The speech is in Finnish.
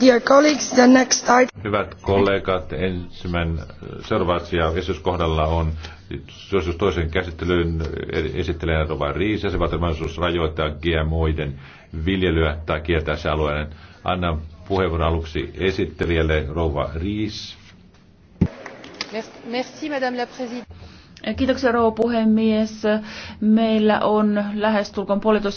Dear colleagues, the next Hyvät kollegat, ensimmäinen seuraava asia esityskohdalla on suositus toisen käsittelyyn esittelee Rova Riisa, ja se mahdollisuus rajoittaa GMOiden viljelyä tai kieltää se alueen. Annan puheenvuoron aluksi esittelijälle Rova Riis. Merci, Madame la Présidente. Kiitoksia rouva puhemies. Meillä on lähestulkoon puolitoista